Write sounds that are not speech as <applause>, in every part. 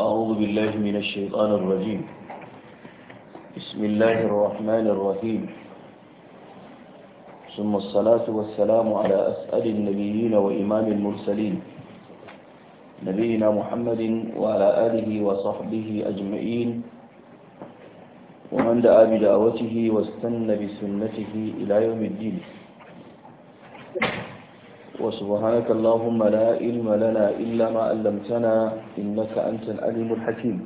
أعوذ بالله من الشيطان الرجيم بسم الله الرحمن الرحيم ثم الصلاة والسلام على أسأل النبيين وإمام المرسلين نبينا محمد وعلى آله وصحبه أجمعين ومن دعا بدعوته واستنى بسنته إلى يوم الدين وسبحانك اللهم لا علم لنا إلا ما علمتنا إنك أنت العليم الحكيم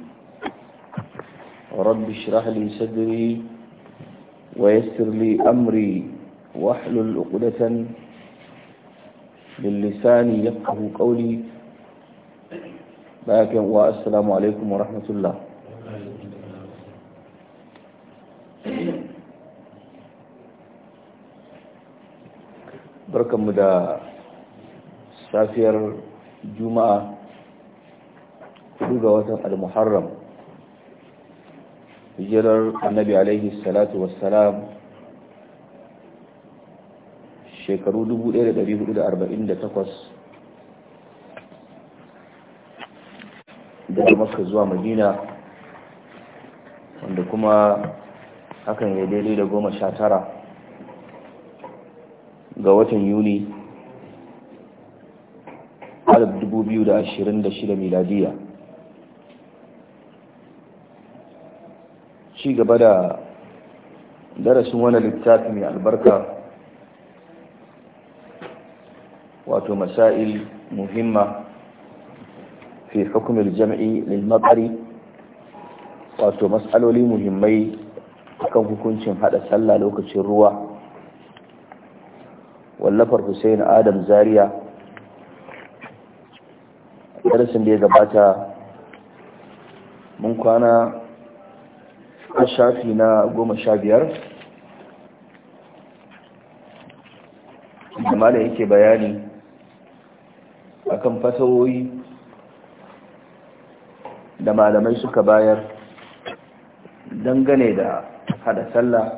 رب اشرح لي صدري ويسر لي أمري واحلل عقدة من لساني يفقه قولي باكم والسلام عليكم ورحمة الله barkanmu da safiyar juma'a hudu ga watan al-muharram hijirar annabi alaihi salatu wassalam shekaru 1448 daga maka zuwa madina wanda kuma hakan ya daidai da goma sha tara ga watan yuni 2026 miladiya ci gaba da darasin wani littafi mai albarka wato masail muhimma fi hukumar jam'i lilmatsari wato matsaloli muhimmai akan hukuncin hada sallah lokacin ruwa wallafar hussein adam zariya darasin da ya gabata mun kwana a shafi na goma sha biyar da da yake bayani akan fasahohi da malamai suka bayar dangane da hada sallah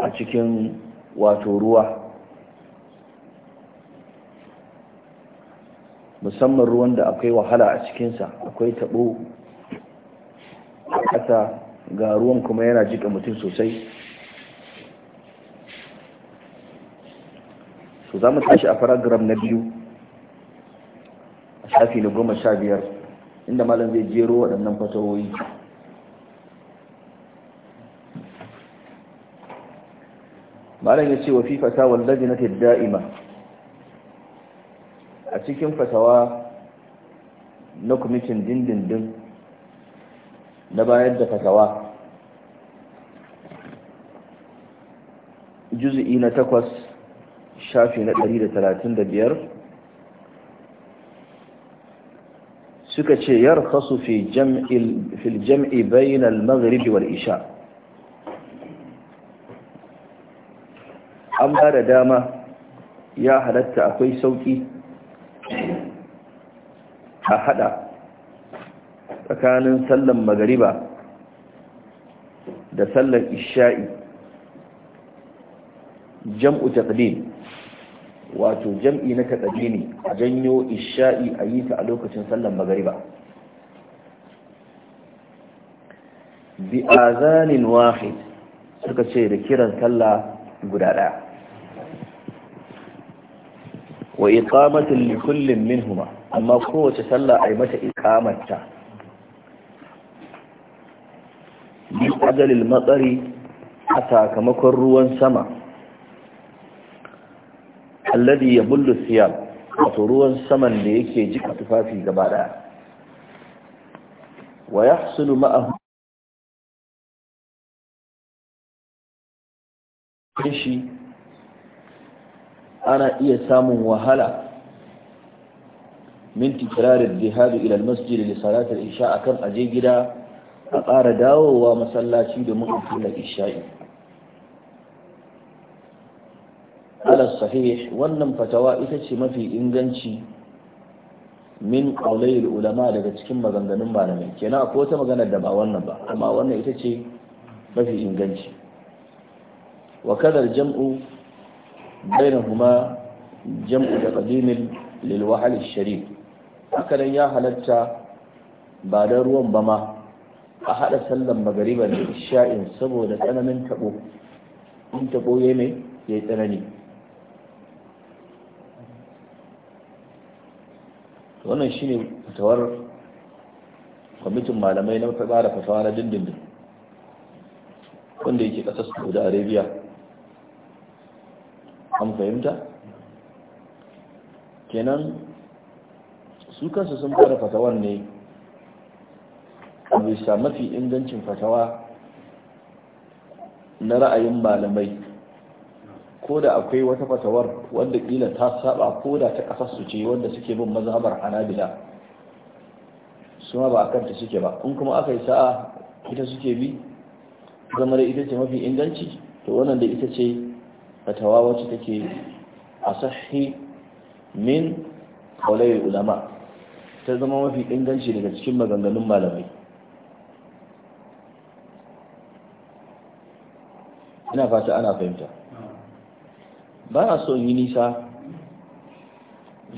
a cikin wato ruwa musamman ruwan da akwai wahala a cikinsa akwai taɓo ƙasa ga ruwan kuma yana jika mutum sosai su za mu tashi a faragram na biyu a shafi na goma sha biyar inda malam zai jero waɗannan fasahohi malam ya ce wa fi fata wallazi na da'ima cikin fatawa na kwamitin dindindin na bayar da fatawa juzi'i na takwas shafi na ɗari da da biyar suka ce yar kasu fil jam'i bainal maghribi wal isha an ba da dama ya halatta akwai sauƙi a hada tsakanin sallan magariba da sallan isha'i jam'u taqdim wato jam'i na taqdimi a janyo isha'i a yi ta a lokacin sallan magariba bi azanin wahid suka ce da kiran sallah guda daya wa iqamatin likullin minhuma amma kowace sallah a yi mata ikamata. Yi ajalil matsari a sakamakon ruwan sama alladi ya bullu siyam wato ruwan saman da yake jika tufafi gaba daya wa yahsulu ma'ahu shi ana iya samun wahala min tikrarin jihadu ila masjid li salatul isha akan aje gida a ƙara dawowa masallaci domin a kula isha'i ala sahih wannan fatawa ita ce mafi inganci min qawlayil ulama daga cikin maganganun malamai kenan akwai wata magana da ba wannan ba amma wannan ita ce mafi inganci wa kadar jam'u bainahuma jam'u da qadimin lil wahal sharif Haka nan ya halatta ba da ruwan ba ma a haɗa sallan magariba da isha'in saboda tsananin taɓo in taɓo ya mai ya yi tsanani wannan shi ne fitowar kwamitin malamai na tsara fatawa na dindindin wanda yake ƙasar saudi arabia an fahimta kenan su kansu sun fara fatawan ne bisa mafi ingancin fatawa na ra'ayin malamai ko da akwai wata fatawar wanda kila ta saba ko da ta kasar su ce wanda suke bin mazhabar hanabila su ma ba a kanta suke ba in kuma aka yi sa'a ita suke bi zama da ita ce mafi inganci to wannan da ita ce fatawa wacce take a sahi min kaulai ulama ta zama mafi inganci daga cikin maganganun malamai ina fata ana fahimta ba na so yi nisa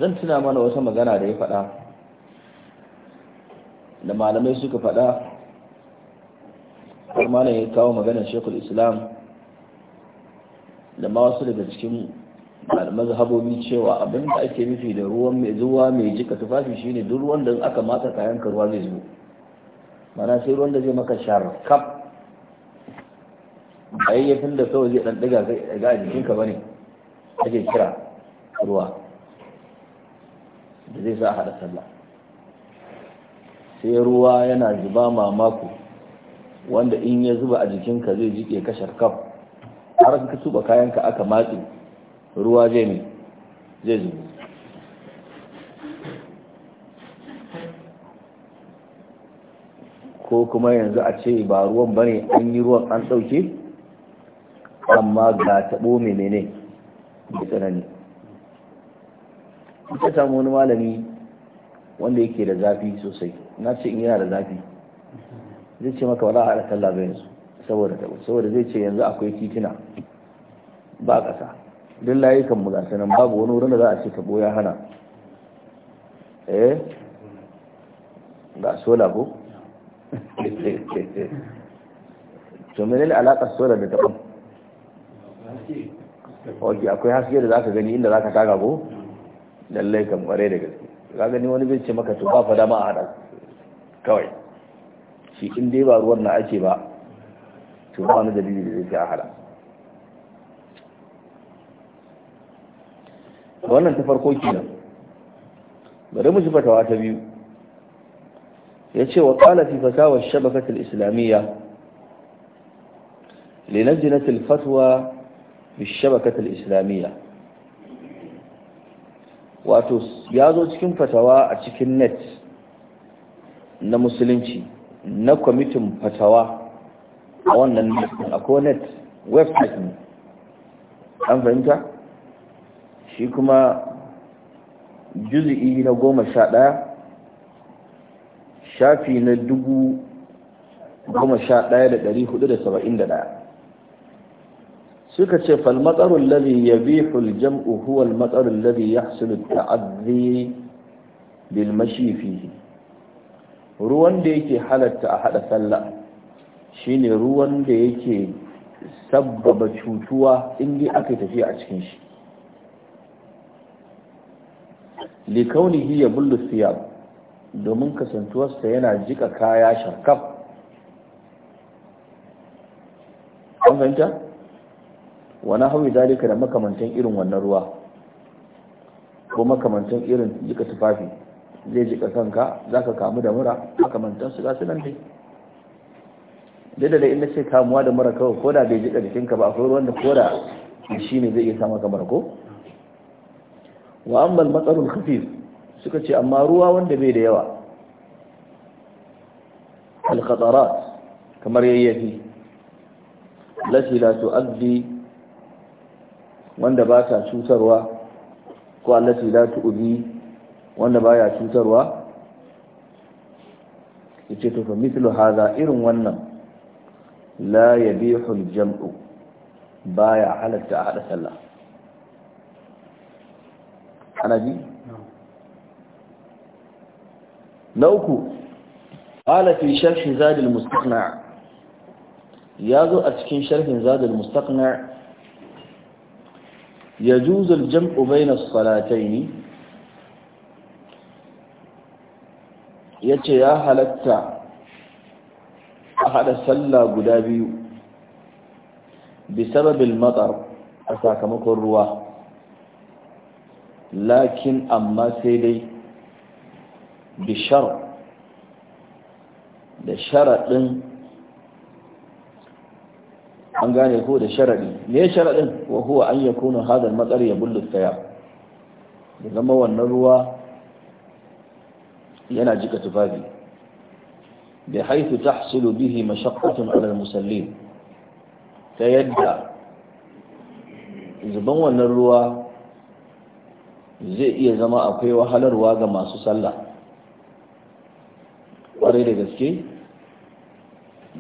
zan tuna mana wata magana da ya faɗa da malamai suka faɗa kuma ne ya kawo maganar shekul islam da ma wasu daga cikin mazhabobi cewa abinda ake nufi da ruwan mai zuwa mai jika tufafi shine duk ruwan da aka matsa kayan ruwa zai zubo mana sai ruwan da zai maka sharkaf ayyafin da kawai zai dan diga ga a jikinka bane ake kira ruwa da zai sa hada sallah sai ruwa yana zuba mamako wanda in ya zuba a jikinka zai jike ka sharkaf har ka tuba kayanka aka matsi? ruwa zai ne zai zubo ko kuma yanzu a ce ba ruwan bane an yi ruwan an ɗauke amma ga taɓo menene da tsanani ita samu wani malami wanda yake da zafi sosai na ce in yana da zafi zai ce maka wala a sallah ba yanzu saboda saboda zai ce yanzu akwai titina ba ƙasa duk layukan mu nan babu wani wurin da za a ce tabo ya hana eh ga sola ko <laughs> to ne alaka sola da taɓon ok akwai haske da za ka gani inda za ka taga ko lallai kan ƙware da gaske ka gani wani bai ce maka to ba fa dama a hada. kawai shi in dai ba ruwan na ake ba to ba wani dalili da zai fi a hada. wannan ta farko kenan bari mu ji fatawa ta biyu ya ce wa qala fi fatawa ash islamiyya li lajnat al-fatwa fi ash islamiyya wato ya zo cikin fatawa a cikin net na musulunci na kwamitin fatawa a wannan akwai net website ne an fahimta shi kuma juzi'i na goma sha ɗaya shafi na dubu goma sha ɗaya da ɗari hudu da saba'in da ɗaya suka ce falmatsarun labi ya bi jam'u huwa almatsarun labi ya hasulu ta'adzi bil mashi fihi ruwan da yake halatta a haɗa sallah shine ruwan da yake sabbaba cutuwa in dai aka tafiya a cikin shi likaunihi ya bullu siyab domin kasantuwarsa yana jika kaya sharkaf an fahimta wani hawi dalika da makamantan irin wannan ruwa ko makamantan irin jika tufafi zai jika kanka za ka kamu da mura makamantan su gasu nan dai dai inda ce kamuwa da mura kawai ko da bai jika jikinka ba akwai ruwan da ko da shi ne zai iya samu kamar ko wa amma al-matarul khafif suka ce amma ruwa wanda bai da yawa al-khatarat kamar yayyafi lati la tu'addi wanda ba ta cutarwa ko allati la tu'di wanda baya cutarwa yace to fa mithlu hadha irin wannan la yabihu al-jam'u baya halatta hada sallah ana na uku alafi fi zadil ya zo a cikin sharhin zadil Ya juzul الجمع بين الصلاتين yace ya halatta a haɗa sallah guda biyu bi sababin a sakamakon ruwa lakin amma sai dai bishar da sharaɗin an gane ko da sharaɗi ne sharaɗin wa huwa an ya kuna hadar matsar ya bullu saya da zama wannan ruwa yana jika tufafi da haifu ta hasilu bihi mashakkatun alal musallin ta yadda zuban wannan ruwa zai iya zama akwai wahalarwa ga masu sallah ƙwarai da gaske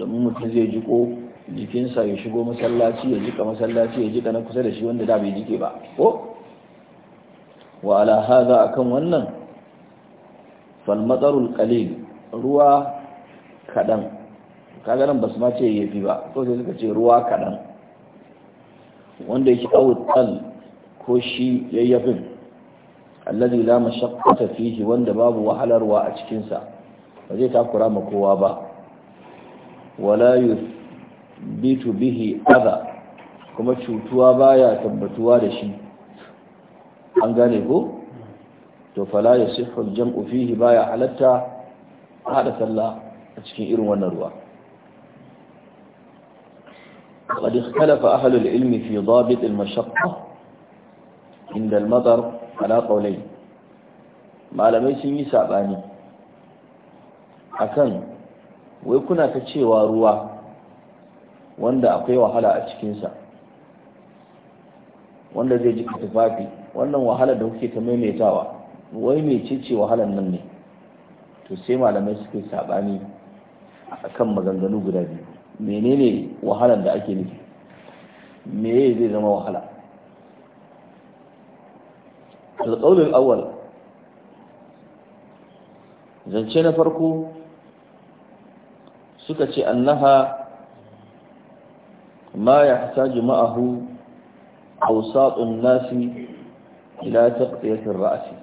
domin mutum zai jiko jikinsa ya shigo masallaci ya jika masallaci ya jika na kusa da shi wanda da bai jike ba ko wa alahaza a kan wannan falmatsarul kalil ruwa kaɗan kaga nan basu ma ce yafi ba ko sai suka ce ruwa kaɗan wanda yake awutal ko shi yayyafin alladi la mashaqqata fihi wanda babu wahalarwa a cikin sa ba zai takura ma kowa ba wala yuthbitu bihi adha kuma cutuwa baya tabbatuwa da shi an gane ko to fala yasihhu al-jam'u fihi baya halatta hada sallah a cikin irin wannan ruwa قد اختلف أهل العلم في ضابط المشقة عند المطر ala qaulai malamai sun yi sabani akan wai kuna ta cewa ruwa wanda akwai wahala a cikinsa wanda zai ji tufafi wannan wahala da kuke ta maimaitawa wai mai cece wahalan nan ne to sai malamai suke sabani kan maganganu guda biyu menene wahalan da ake nufi me zai zama wahala alƙaunin awal zance na farko suka ce annaha ma ya hasaji ma'ahu hausatsun nasi ila taƙiyatin ra'asi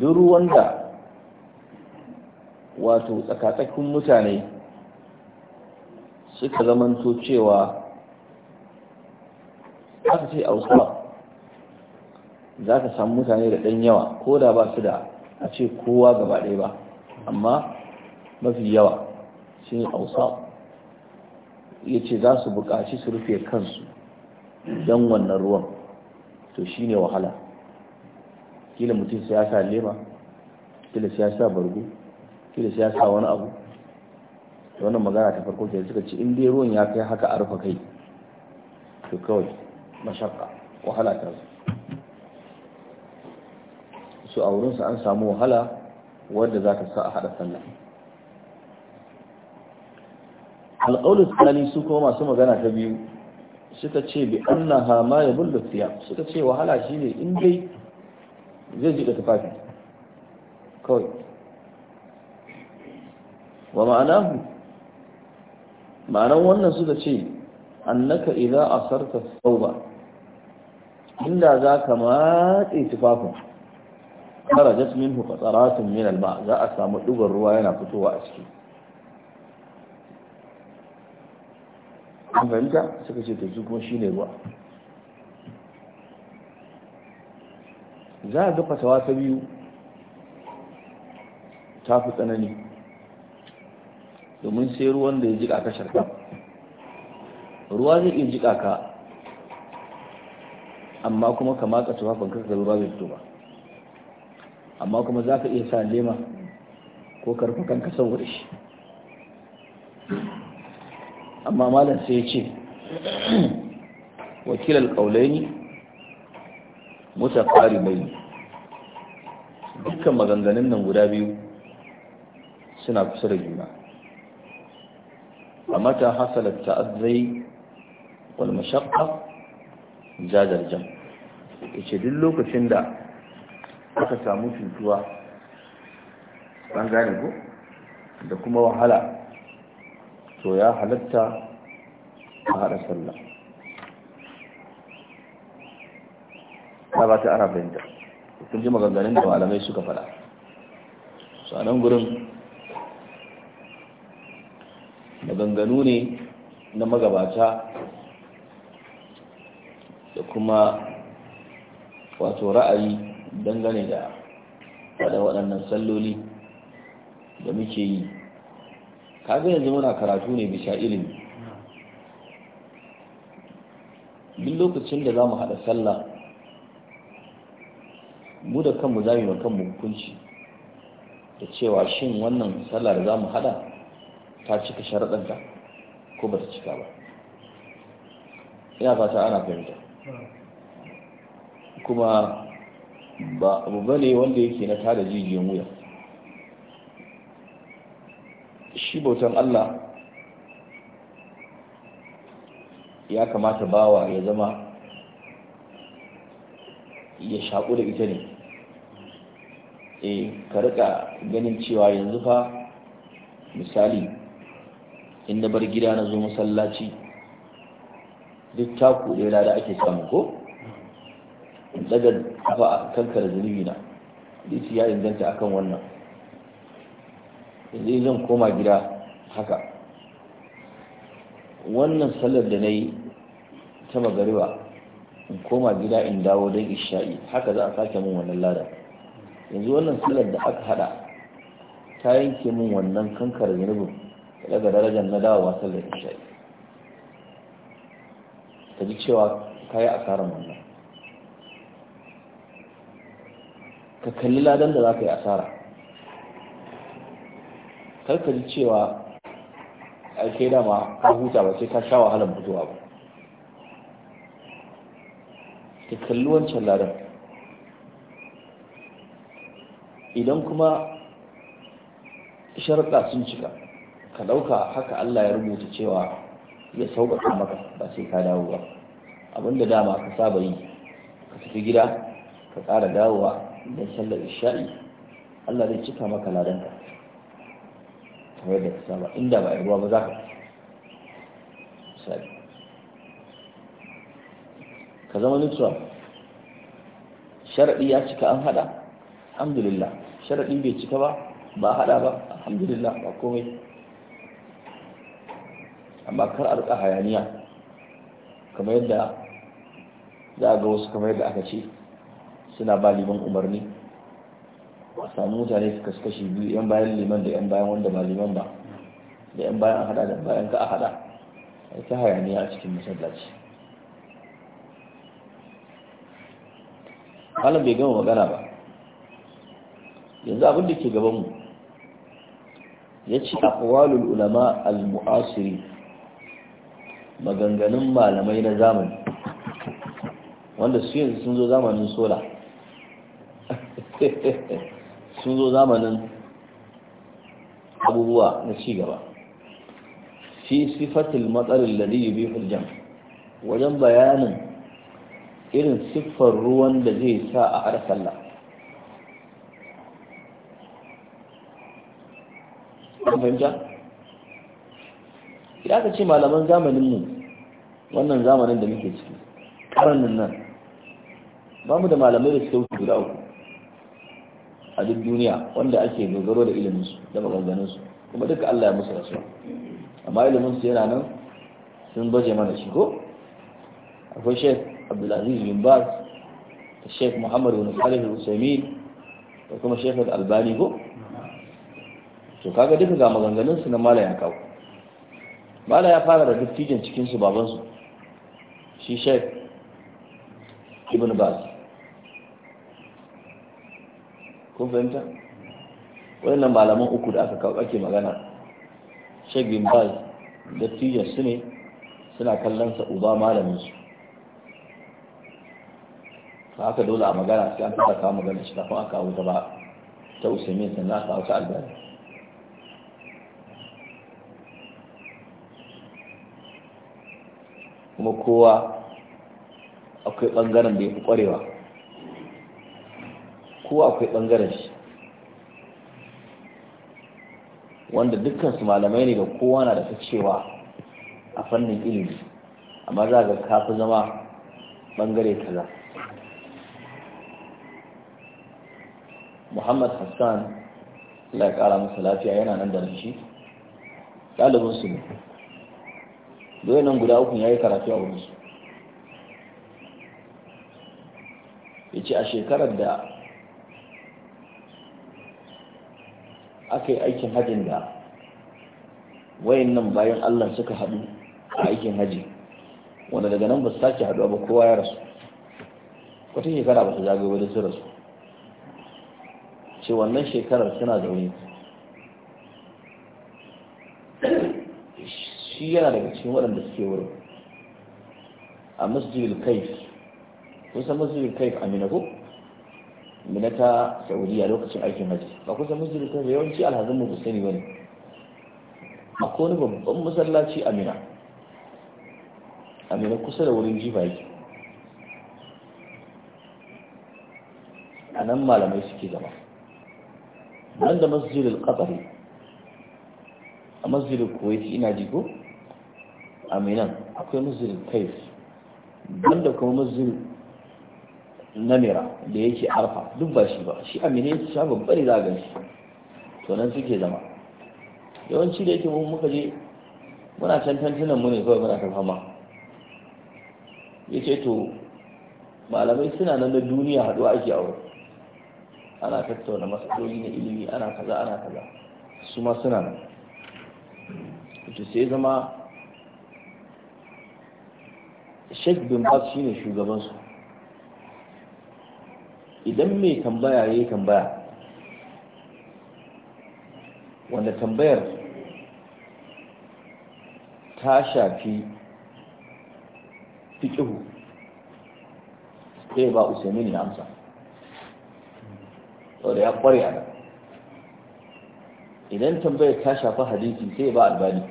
duk wanda da wato tsakatsakin mutane suka zamanto cewa aka ce a ausaf za ka samu mutane da ɗan yawa ko da ba su da a ce kowa gaba ɗaya ba amma mafi yawa shi ne wasu ya ce za su buƙaci su rufe kansu don wannan ruwan to shi ne wahala kila mutum sai ya sa lema kila sai ya sa bargo kila sai ya sa wani abu da wannan magana ta farko ke suka ce in dai ruwan ya kai haka a rufe kai to kawai Mashaƙa wahala ta su su a wurinsu an samu wahala wadda za ka sa a haɗa sallah alƙaunin tsani su kuma masu magana ta biyu suka ce bi annaha hama ya bulda siya suka ce wahala shi ne in dai zai jiƙa tufafi kawai wa ma'anahu ma'anan wannan suka ce annaka idan asarta sauba inda za ka matse tufafin jasmin minhu qataratun min alma za a samu dugar ruwa yana fitowa a ciki an fahimta suka ce to kuma ne ruwa za a ga fasawa ta biyu ta fi tsanani domin sai ruwan da ya jika ka sharka ruwa zai iya jika ka amma kuma ka matsa tufafin ka zaba babu fito ba amma kuma za ka iya sa lema ko karfa kanka saboda shi amma malam sai ya ce wakilar ƙaulaini mai dukkan maganganun nan guda biyu suna kusa da juna a mata hasalar ta'azzai wal mashaqqa jajar jama'a yace duk lokacin da aka samu cutuwa an gane ko da kuma wahala to ya halatta a haɗa sallah ta ba ta ana kun ji maganganun da malamai suka faɗa sanan gurin maganganu ne na magabata da kuma wato ra'ayi dangane da da waɗannan salloli da muke yi kaga yanzu muna karatu ne bisa ilimi duk lokacin da za mu haɗa sallah mu da kanmu zamu ma yi kanmu hukunci da cewa shin wannan sallah da za mu haɗa ta cika sharaɗanta ko ba ta cika ba ina fata ana fahimta kuma ba abu bane wanda yake na tada jijiyan wuya shi bautan Allah ya kamata bawa ya zama ya shaƙu da ita ne e ka rika ganin cewa yanzu fa misali in na bar gida na zo masallaci duk taku ɗaya da ake samu ko in daga kafa a kankar zunubi na hadisi ya inganta akan wannan yanzu zan koma gida haka wannan sallar da na yi ta magariba in koma gida in dawo don isha'i haka za a sake min wannan lada yanzu wannan sallar da aka hada ta yanke min wannan kankar zunubin daga darajar na dawowa sallar isha'i ta ji cewa ka yi karin wannan ka kalli ladan da za ka yi asara kar ji cewa a ke dama ka huta ba sai ka sha wahalar mutuwa ba ka kalli wancan ladan idan kuma sharaɗa sun cika ka ɗauka haka Allah ya rubuta cewa ya sauƙaƙa maka ba sai ka dawo ba abinda dama ka saba yi ka tafi gida ka ƙara dawowa da sallar isha'i Allah zai cika maka ladanka kamar da ka inda ba a ruwa ba za ka sai ka zama neutral sharaɗi ya cika an hada alhamdulillah sharaɗi bai cika ba ba hada ba alhamdulillah ba komai amma kar a hayaniya kamar yadda za a ga wasu kamar yadda aka ce suna ba liman umarni a samu mutane su kaskashi biyu yan bayan liman da yan bayan wanda ba liman ba da yan bayan a hada da bayan ka a hada a ta hayaniya a cikin masallaci malam bai gama magana ba yanzu abin da ke gabanmu ya ce akwalul ulama al-mu'asiri maganganun malamai na zamani wanda su yanzu sun zo zamanin sola <laughs> sun zo zamanin abubuwa na cigaba fi sifatil matsalar lalli bi hujjan wajen bayanin irin siffar ruwan da zai sa a arsalla sallah ka ce malaman zamaninmu wannan zamanin da muke ciki ƙaranin nan ba mu da malamai da suke wuce guda uku a duk duniya wanda ake dogaro da iliminsu da maganganunsu kuma duka Allah ya musu rasuwa amma iliminsu yana nan sun baje mana shi ko akwai sheikh abdulaziz bin baz da sheikh muhammad bin salih al-usaimin da kuma sheikh al-albani ko to kaga duka ga maganganunsu na mala ya kawo ya fara da duk cikinsu babansu shi sheikh ibn baz kun fahimta waɗannan malaman uku da aka kawo ake magana shagin baz dattijan su ne suna kallon sa uba malamin su ta haka dole a magana sai an fara kawo magana shi kafin aka kawo ta ba ta usaimin sannan aka kawo ta albani kuma kowa akwai ɓangaren da ya fi ƙwarewa ko akwai ɓangaren shi wanda dukkan su malamai ne da kowa na da ta cewa a fannin ilimi amma za ga kafin zama ɓangare kaza muhammad hassan Allah ya ƙara masa lafiya yana nan da rashi ɗalibin su ne doyen nan guda uku ya yi karatu a wurinsu ya ce a shekarar da aka yi aikin hajin da wayan nan bayan allah suka haɗu a aikin haji wanda daga nan ba su sake haɗuwa ba kowa ya rasu wata shekara ba su zagaye wajen su rasu ce wannan shekarar suna da wani. shi yana daga cikin waɗanda suke wurin a masjidil kaif kusan masjidil kaif amina ko mina ta saudiya lokacin aikin haji ba kusan masjid ta yawanci alhazin mu sani bane a kone babban masallaci a mina a mina kusa da wurin jifa yake a nan malamai suke zama nan da masjidul kabari a masjidul kuwaiti ina jiko a minan akwai masjidul nan banda kuma masjidul namira da yake arfa duk ba shi ba shi amine su sha babbar za gan shi to nan suke zama yawanci da yake muka je muna can tantunan mu ne kawai muna kan fama yace to malamai suna nan da duniya haɗuwa ake aure ana tattauna matsaloli na ilimi ana kaza ana kaza su ma suna nan to sai zama sheikh bin bas shine shugabansu idan mai tambaya ya yi tambaya wanda tambayar ta shafi fikihu sai ba usaimini na amsa da ya kware a idan tambayar ta shafi hadisi sai ba albani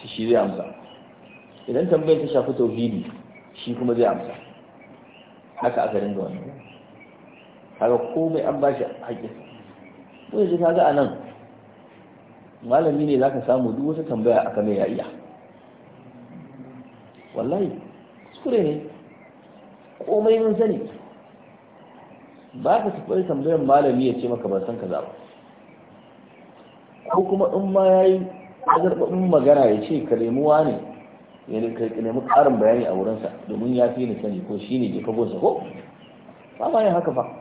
shi shi zai amsa idan tambayar ta shafi tauhidi shi kuma zai amsa haka aka ringa wannan kaga komai an bashi haƙƙin ko yanzu kaga a nan malami ne zaka samu duk wata tambaya aka mai yayya wallahi kuskure ne komai mun sani ba ka tafi tambayar malami ya ce maka ban san za ba ko kuma in ma yayi azarbabin magana ya ce ka nemi wani ya nemi ƙarin bayani a wurinsa domin ya fi ni sani ko shi ne ke kago sa ko ba ma yin haka fa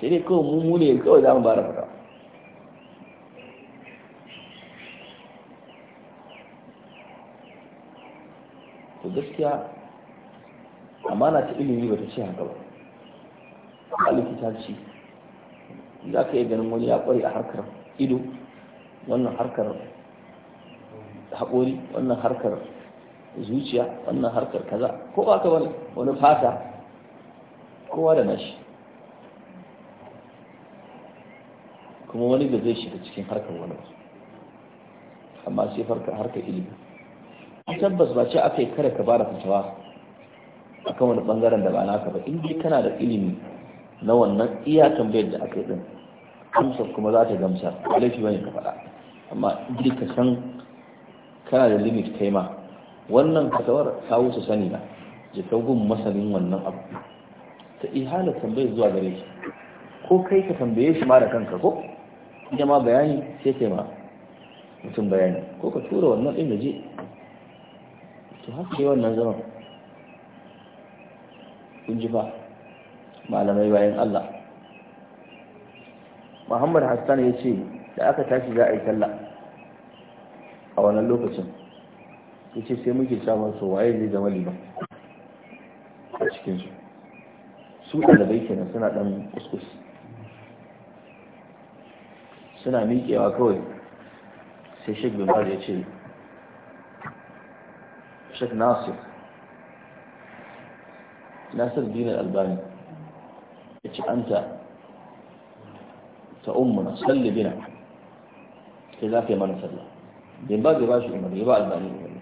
sai dai kawai mun ne kawai za mu bara fata to gaskiya amana ta ilimi ba ta ce haka ba kwaliki ta ce za ka yi ganin wani ya kware a harkar ido wannan harkar haƙori wannan harkar zuciya wannan harkar kaza ko ba ka wani fata kowa da nashi kuma wani da zai shiga cikin harkar wani ba amma sai farka harkar ilimi A tabbas ba ce aka yi kare ka bada fitawa kan wani bangaren da ba naka ba in ka kana da ilimi na wannan iya tambayar da aka yi din Kamsa kuma za ta gamsar laifi bane ka faɗa amma inda ka san kana da limit kai ma wannan kasawar ta wuce sani na je ka gun masanin wannan abu ta ihala tambayar zuwa gare shi ko kai ka tambaye shi ma da kanka ko ita ma bayani sai kai ma mutum bayani ko ka tura wannan ɗin da je to haka yi wannan zaman kun ji fa malamai bayan Allah Muhammad Hassan ya ce da aka tashi za a yi talla a wannan lokacin ya ce sai muke samun su waye zai zama liman a cikinsu su ɗalibai kenan suna ɗan kuskus suna miƙewa kawai sai shek bin baz ya ce shek nasir nasir dinar albani ya ce an ta ummuna salli bina sai za ka yi mana sallah bin baz ba shi umarni ya ba albani umarni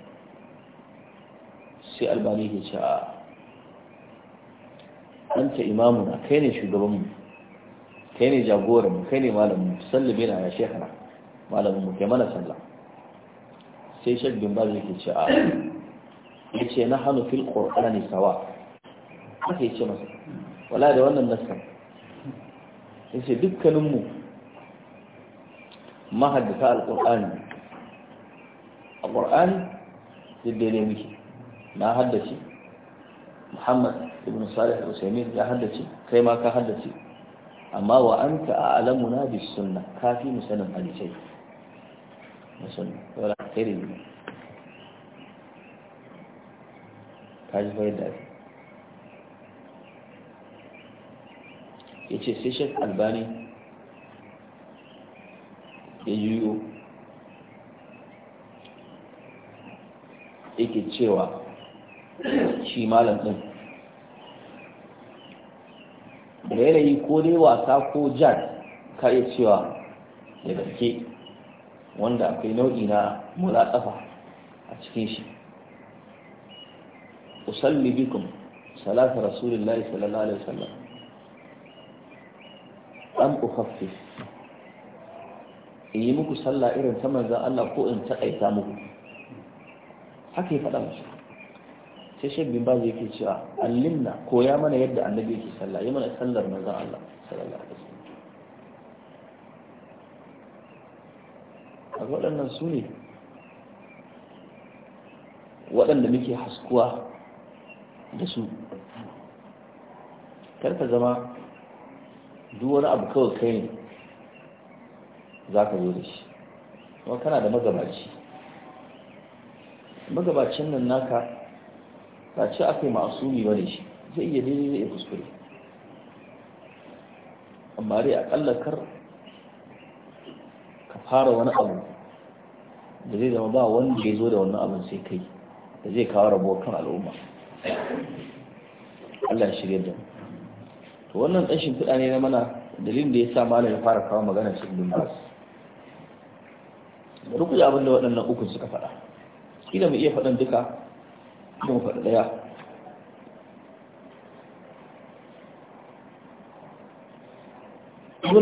sai albani ya ce a anta imamuna kai ne shugabanmu kai ne jagoran mu kai ne malamin mu sallame na ya shekara malamin mu kai mana sallah sai shek bin baz yake ce a ce na hannu fil qur'ani sawa haka ce masa wala da wannan nassan ce dukkanin mu mahaddata a alqur'ani dai ne muke na haddace Muhammad ibn Salih al-Usaimin ya haddace kai ma ka haddace amma wa anta a'lamuna bis sunna kafi mu sanin hadisai musun wala irin kaji fa ya ce sai shek Albani ya ya yake cewa shi malam din rairayi ko dai wasa ko jazz ka iya cewa da gaske wanda akwai nau'i na mulatsafa a cikin shi usalli bikum salatu rasulillahi sallallahu alaihi wasallam am ukhaffif yi muku sallah irin ta manzon Allah ko in aita muku haka ya faɗa musu sai shek bin bazu yake cewa ko koya mana yadda annabi yake sallah yi mana sallar manzon Allah sallallahu alaihi wasallam waɗannan su ne waɗanda muke haskuwa da su karka zama duk wani abu kawai kai ne za ka zo da shi kuma kana da magabaci magabacin nan naka ba ce aka yi masumi ba ne shi zai iya daidai zai iya kuskure amma dai akalla kar ka fara wani abu da zai zama ba wanda ya zo da wannan abin sai kai da zai kawo rabuwar kan al'umma Allah shirya da to wannan ɗan fiɗa ne na mana dalilin da ya sa malam ya fara kawo magana cikin dumbas da rukuya abin da waɗannan ukun suka faɗa kila mu iya faɗan duka kuma faɗi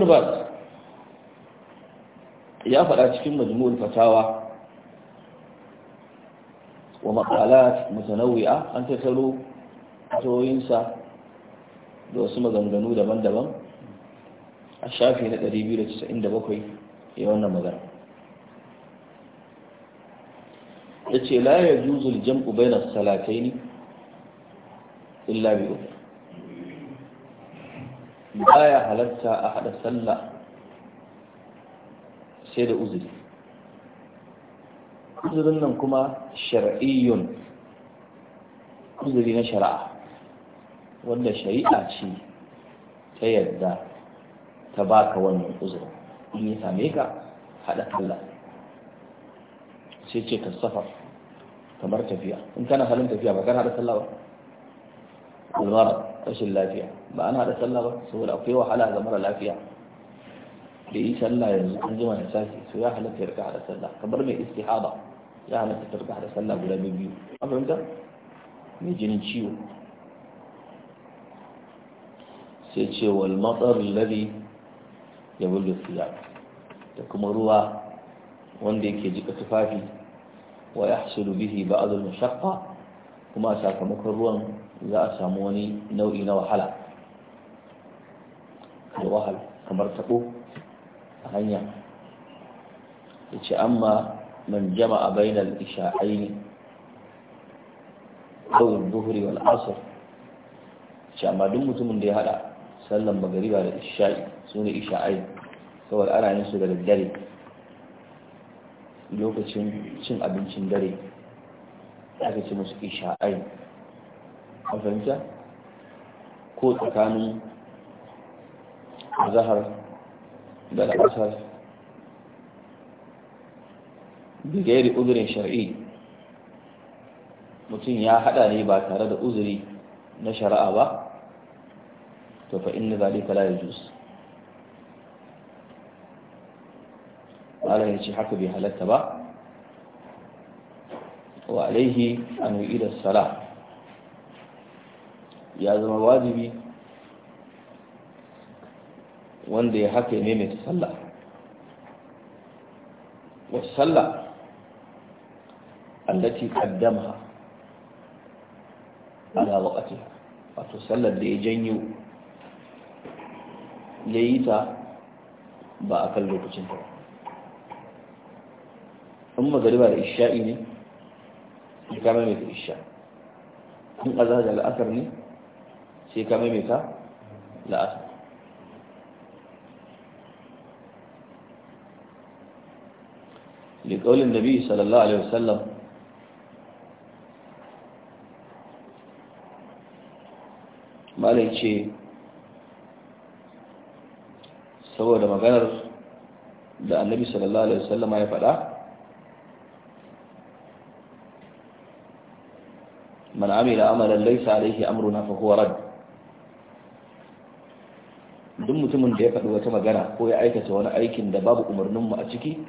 ɗaya ya faɗa cikin majmu'ul fatawa wa maqalat mutanawwi'a an tattaro sa da wasu maganganu daban-daban a shafi na 297 ya wannan magana ya ce la ya juzul jam'u salataini illa bi Ba baya halatta a hada sallah sai da uzuri uzurin nan kuma shar'iyyun uzuri na shari'a wanda shari'a ce ta yadda ta baka wannan uzurin in yi same ka hada sallah sai ce ta safar kamar tafiya in kana halin tafiya ba kana hada sallah ba almara rashin lafiya ba an hada sallah ba saboda akwai wahala ga mara lafiya da yi sallah yanzu an jima da safi so ya halatta ya rika hada sallah kamar mai istihaba ya halatta ta rika hada sallah guda biyu an fahimta mai jinin ciwo sai ce wal matsar lari ya bulu siya da kuma ruwa wanda yake jika tufafi wa yahsulu bihi ba'd al-mushaqqa kuma a sakamakon ruwan za a samu wani nau'i na wahala da wahala kamar tabo a hanya yace amma man jama'a bainal isha'aini aw al-dhuhri wal 'asr ce amma duk mutumin da ya haɗa sallan magariba da isha'ai saboda ana su da daddare lokacin cin abincin dare aka ce musu isha'ai a fahimta ko tsakanin zahar da al'asar da gairi uzurin shari'i mutum ya hada ne ba tare da uzuri na shari'a ba to fa'in da zalika la yajuz malam ya ce haka bai halatta ba wa alaihi an yi sala ya zama wajibi wanda ya haka ya maimaita sallah wasu sallah allati qaddamaha ala waqtiha wato sallar da ya janyo ya yi ta ba a kan lokacin ta ba in magariba da isha'i ne sai ka mai da isha in azhar da la'asar ne sai ka mai ta la'asar لقول النبي صلى الله عليه وسلم malai ce saboda maganar da annabi sallallahu alaihi wasallam ya faɗa man amila amalan laysa alaihi amruna fa huwa rad duk mutumin da ya faɗi wata magana ko ya aikata wani aikin da babu umarninmu a ciki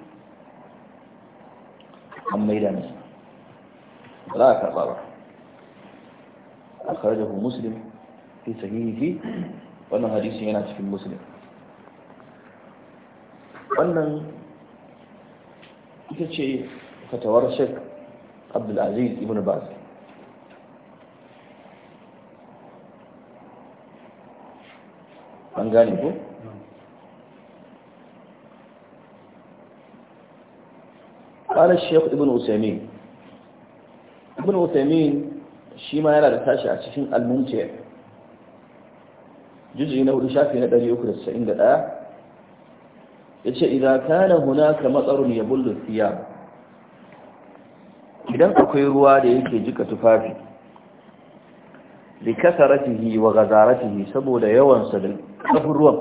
an maida masa ba za a karɓa ba A akhrajahu muslim fi sahihihi wannan hadisin yana cikin muslim wannan ita ce fatawar shek Abdul Aziz ibn Baz an gane ko قال الشيخ ibn عثيمين ibn عثيمين shi ma yana da tashi a cikin al-mumti' juz'i na hudu shafi na 391 yace idan na hunaka matsarun yabullu thiyab idan akwai ruwa da yake jika tufafi bi kasaratihi wa gazaratihi saboda yawansa da kafin ruwan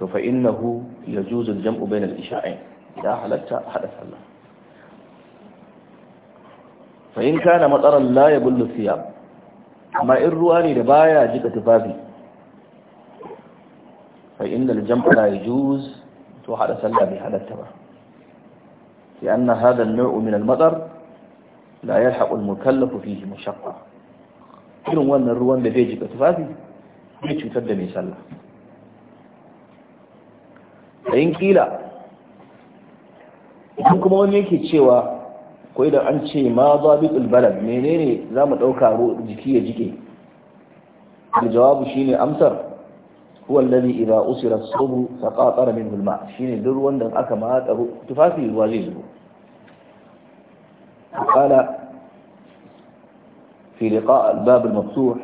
to fa innahu yajuzu al-jam'u bayna al-isha'ain ya halatta haɗa sallah fa in kana matsaran la yabullu thiyab amma in ruwa ne da baya jika tufafi fa inna al-jam'u ya yajuz to haɗa sallah bi halatta ba an لأن هذا النوع من matsar? la yalhaqu al-mukallafu fihi irin wannan ruwan da zai jika tufafi zai cutar da mai sallah sayin ƙila. idan kuma wani yake cewa ko idan an ce ma zabitul balad menene za mu ɗauka jiki ya jike jawabu shine amsar huwa alladhi idza usira as-subhu taqatara minhu al-ma shine duk ruwan da aka matsa tufafi ruwa zai zubo قال في لقاء الباب المفتوح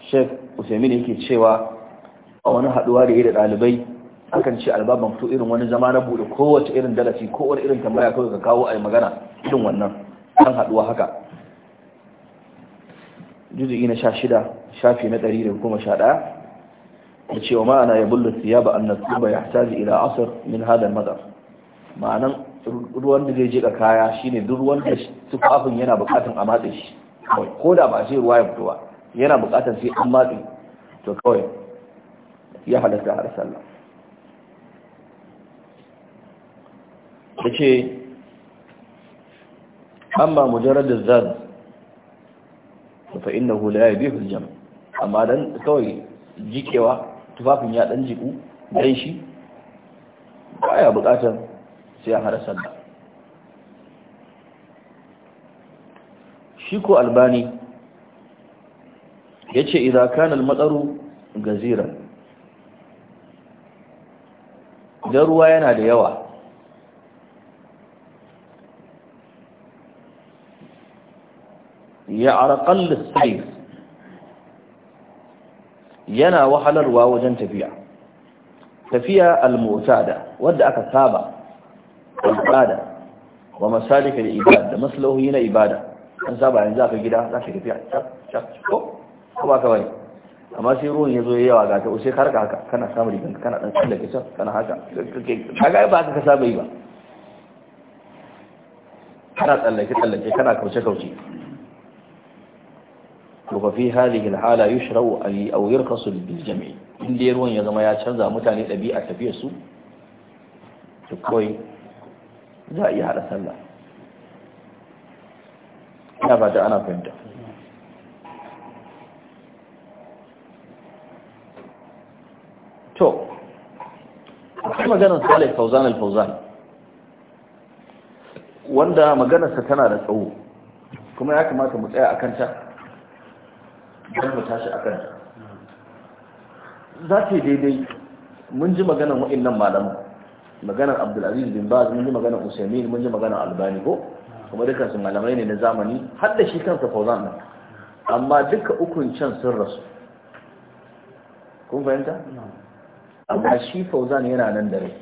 الشيخ usaimin yake cewa a wani haduwa da irin ɗalibai akan ci albaban fito irin wani zama na buɗe kowace irin dalasi kowace irin tambaya kawai kawo a yi magana irin wannan an haɗuwa haka juzu'i na sha shida shafi na ɗari da kuma sha ɗaya da cewa ma'ana ya bullu siya ba an ba ya ila asar ma'anan ruwan da zai jika kaya shine duk ruwan da tufafin yana bukatun a matse shi ko da ba sai ruwa ya fitowa yana bukatun sai an matse to kawai ya halatta har sallah yace amma mujarrad az-zad fa innahu hula ya biyu jam amma dan kawai jikewa tufafin ya dan jiku dan shi ba ya bukatun sai an hada sallah shi ko albani ya ce idan kan almatsaru gaziran idan ruwa yana da yawa ya arakan lissai yana wahalarwa wajen tafiya tafiya almotada wadda aka saba ibada wa masalika da ibada da maslahohi na ibada an saba yanzu aka gida za ka tafiya ko ko ba ka bane amma sai ruwan ya zo yawa ga ta sai ka harka haka kana samun riganka kana dan tsallake can kana haka ka ga ba ka saba yi ba kana tsallake tsallake kana kauce kauce to fa fi hadhihi al yushra'u an aw yarqasu bil jami' inda ruwan ya zama ya canza mutane dabi'a tafiyar su to koi za a iya haɗa sallah ina ba da ana fahimta to akwai maganar salih fauzan al-fauzan wanda maganarsa tana da tsawo kuma ya kamata mu tsaya a kanta don mu tashi a kanta za ta yi daidai mun ji maganar wa'in nan malamu maganar abdulaziz bin baz mun ji maganar usaimin mun ji maganar albani ko kuma dukkan su malamai ne na zamani har da shi kansa fauzan nan amma duka ukun can sun rasu kun fahimta amma shi fauzan yana nan da rai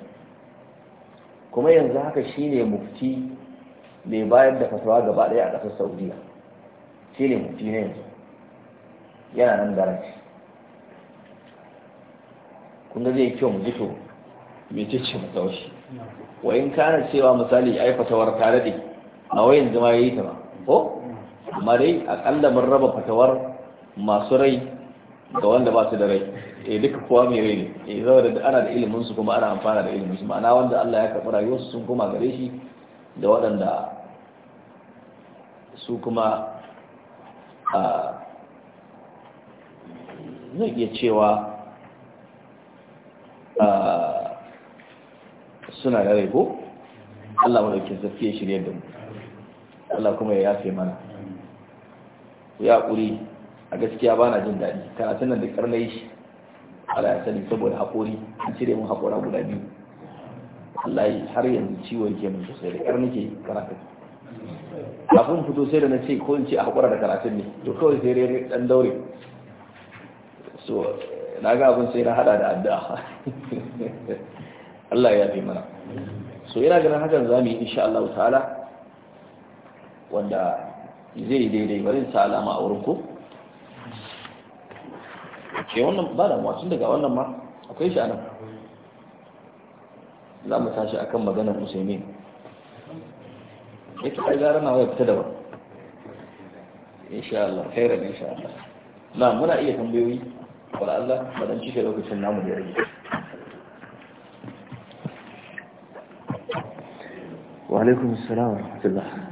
kuma yanzu haka shi ne mufti mai bayar da fatawa gaba ɗaya a ƙasar saudiya shi ne mufti ne yanzu yana nan da rai kun ga zai kyau mu ji to mecece fatawar shi wa in kana cewa misali ai fatawar ta da a wayan zama yayi ta ba ko amma dai akalla mun raba fatawar masu rai ga wanda ba su da rai eh duka kowa mai rai ne eh da ana da ilimin su kuma ana amfana da ilimin su ma'ana wanda Allah ya karɓi rayuwar su sun koma gare shi da waɗanda su kuma a zai iya cewa a suna da raiko Allah Allah ke sarki ya shirye da mu Allah kuma ya yafe mana ya kuri a gaskiya bana jin daɗi karatun nan da karnai shi Allah ya sani saboda haƙori an cire mu hakura guda biyu wallahi har yanzu ciwo yake mun sosai da karni ke karatu kafin fito sai da na ce ko in ce a haƙura da karatun ne to kawai sai rere dan daure so na ga abin sai na hada da addu'a <laughs> Allah ya fi mana so yana ganin hakan za mu yi insha Allah ta'ala wanda zai daidai barin sa alama a wurin ko ke wannan ba da mawacin daga wannan ma akwai shi anan za mu tashi a kan maganar musulmi ita ɗaya gara na waya fita daban insha Allah khairan insha Allah na muna iya tambayoyi wala Allah ba dan cike lokacin namu da rage alaikum assalam wa rahmatullah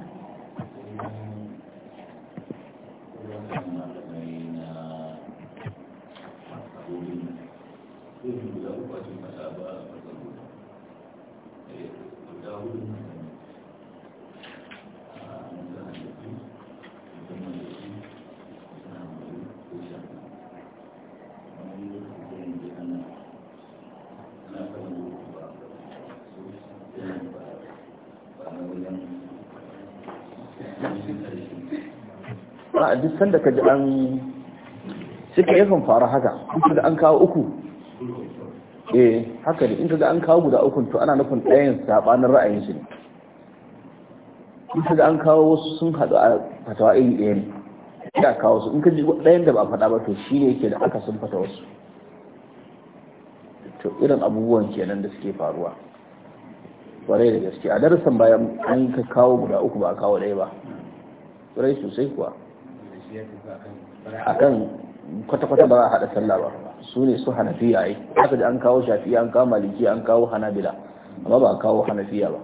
sanda ka ji an suka yakan fara haka in da an kawo uku eh haka ne in kaga an kawo guda ukun to ana nufin ɗayan saɓanin ra'ayin shi ne in kaga an kawo wasu sun haɗu a fatawa iri ɗaya ne ya kawo su in ka ji ɗayan da ba faɗa ba to shi ne yake da aka sun fata wasu to irin abubuwan kenan da suke faruwa kwarai da gaske a darasin bayan an ka kawo guda uku ba a kawo ɗaya ba kwarai sosai kuwa a kan kwata-kwata ba a haɗa sallah ba su ne su hanafiya yi haka da an kawo shafiya an kawo maliki an kawo hanabila amma ba a kawo hanafiya ba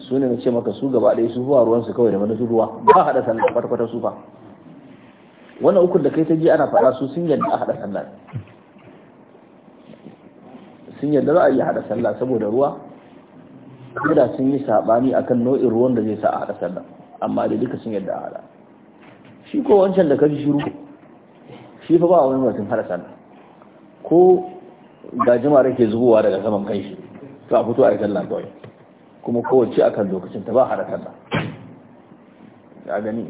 su ne na ce maka su gaba ɗaya su huwa ruwansu kawai da manufin ruwa ba haɗa sallah kwata-kwata su ba wannan ukun da kai ta ji ana faɗa su sun yadda a haɗa sallah sun yadda za a yi haɗa sallah saboda ruwa kuma sun yi saɓani akan nau'in ruwan da zai sa a haɗa sallah amma da duka sun yadda a haɗa shi ko wancan da ka ji shiru shi fa ba wani mutum har sallah ko gajima rake zubowa daga saman kai shi to a fito a yi sallah kawai kuma kowace kan lokacin ta ba har sallah a gani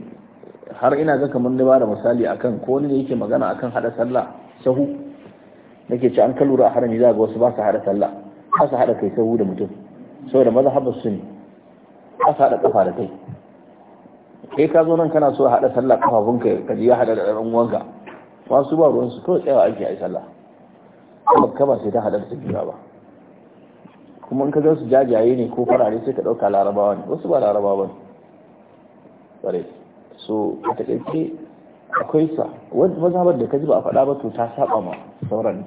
har ina ga kamar da ba da misali kan ko ne yake magana a kan hada sallah sahu ke ci an kalura a harami za ga wasu ba su hada sallah ba su hada kai sahu da mutum saboda mazhabar su ne ba su hada kafa da kai kai ka zo nan kana so a haɗa sallah kafafunka ka ji ya haɗa da ɗan uwanka masu ba ruwansu kawai tsayawa ake a yi sallah ka ba sai ta haɗa da juna ba kuma in ka ga su jajaye ne ko farare sai ka ɗauka larabawa ne wasu ba larabawa ne bare so a taƙaice akwai sa wani mazhabar da ka ji ba a faɗa ba to ta saba ma sauran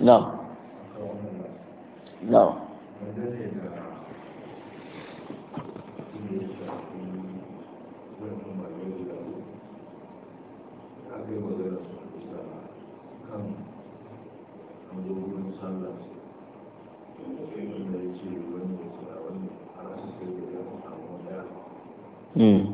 na na. sallar sai wanda ya ce wani ya sa wani a rasu sai da ya samu wani hmm.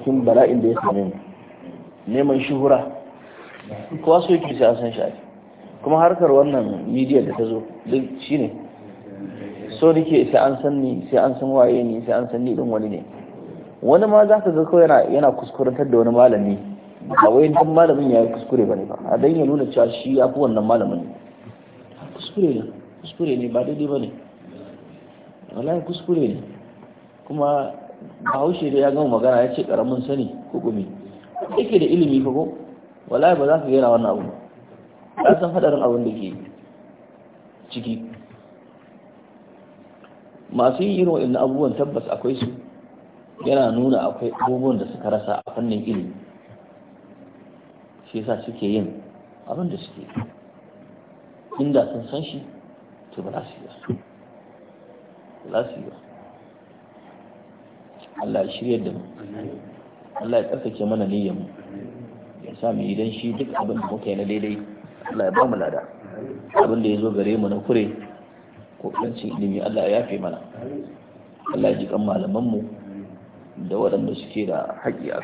cikin bala'in da ya same mu neman shuhura kowa so yake sai a san shi kuma harkar wannan media da ta zo duk shine so nake sai an san ni sai an san waye ni sai an san ni din wani ne wani ma za ka ga kawai yana yana kuskurantar da wani malami a wai dan malamin ya yi kuskure bane ba a dan ya nuna cewa shi ya fi wannan malamin ne kuskure ne kuskure ne ba daidai bane wallahi kuskure ne kuma haushe da ya gama magana ya ce karamin sani hukumi yake da ilimi ka? ko wallahi ba za ka gera wannan abu ba san hadarin abin da ke ciki masu yin irin wa'in abubuwan tabbas akwai su yana nuna akwai abubuwan da suka rasa a fannin ilimi shi yasa suke yin abin da suke inda sun san shi to ba za su yi ba za su yi ba Allah ya shirya da mu Allah ya tsarkake mana niyyar mu ya sa mu idan shi duk abin da muka yi na daidai Allah ya ba mu lada abin da ya zo gare mu na kure ko kancin ilimi Allah ya yafe mana Allah ya ji kan malaman mu da waɗanda suke da haƙƙi a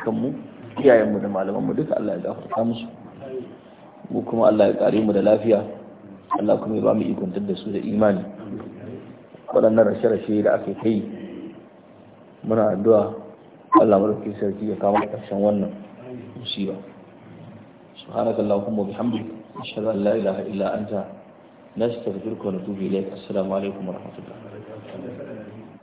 iyayen mu da malaman mu duka Allah ya gafarta musu mu kuma Allah ya kare mu da lafiya Allah kuma ya ba mu ikon da su da imani waɗannan rashe-rashe da aka kai muna addu'a Allah madaukakin sarki ya kawo ƙarshen wannan musiba subhanaka allahumma bihamdika ashhadu an la ilaha illa anta nastaghfiruka wa natubu ilayk assalamu alaikum wa rahmatullah